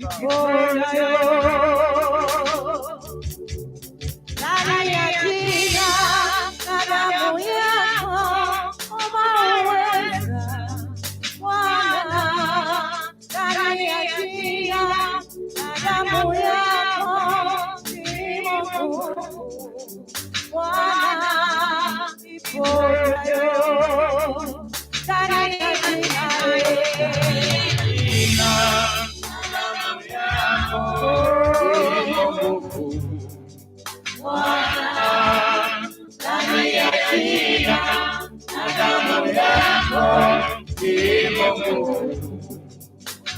For I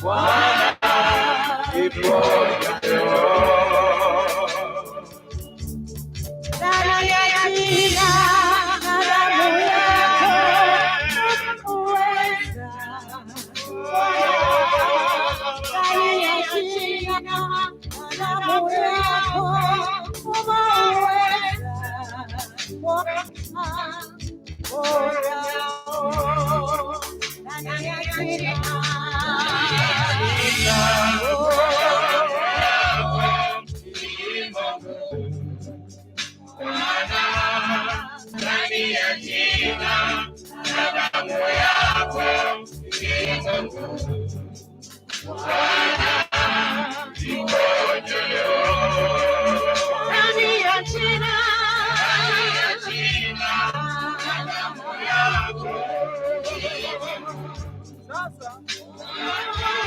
Bwana ipo leo Bwana,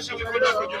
Yaşamın bir dakika.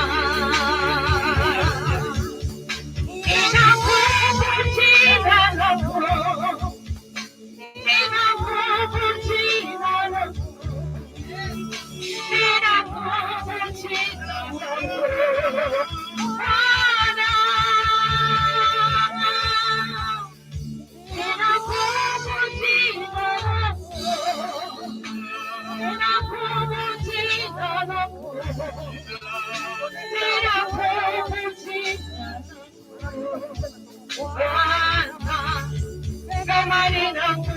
can't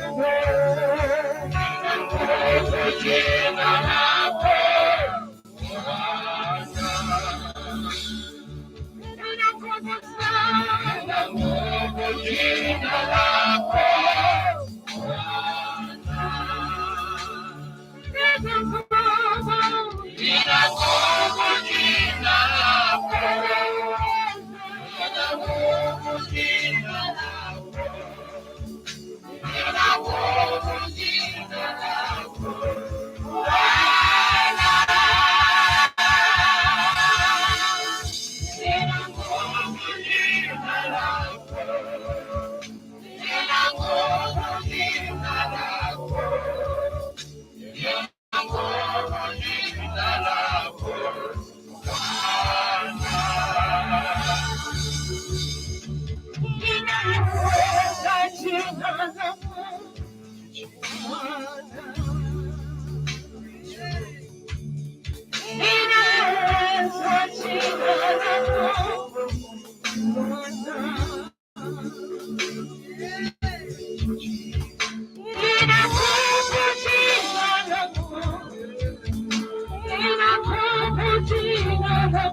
you.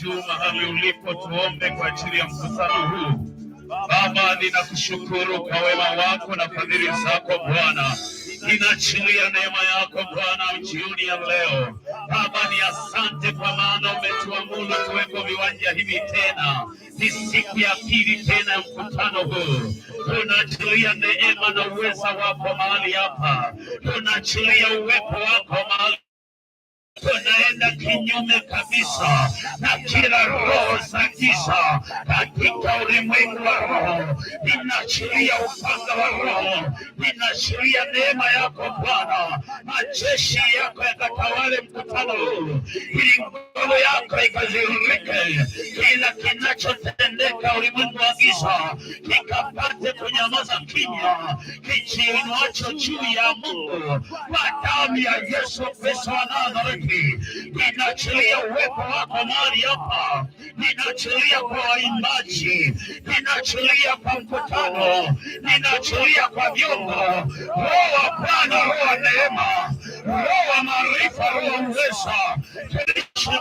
juu mahali ulipo, tuombe kwa ajili ya mkutano huu. Baba, ninakushukuru kwa wema wako na fadhili zako Bwana, ninaachilia neema yako Bwana jioni ya leo. Baba, ni asante kwa maana umetuamuru tuweko viwanja hivi tena, ni siku ya pili tena ya mkutano huu. Tunaachilia neema na uweza wako mahali hapa, tunaachilia uwepo wako mahali tunaenda kinyume kabisa na kila roho za giza katika ulimwengu wa roho. Ninaashiria upanga wa roho, ninaashiria neema yako Bwana. Majeshi yako yakatawale mkutano huu, ili nguvu yako ikazihurike. Kila kinachotendeka ulimwengu wa giza kikapate kunyamaza kimya, kijiinuacho juu ya Mungu kwa damu ya Yesu Kristo wa Nazareti muziki, ninaachilia uwepo wako mahali hapa, ninaachilia kwa waimbaji, ninaachilia kwa mkutano, ninaachilia kwa vyombo. Roho wa Bwana, roho wa neema, roho wa maarifa, roho wa uweza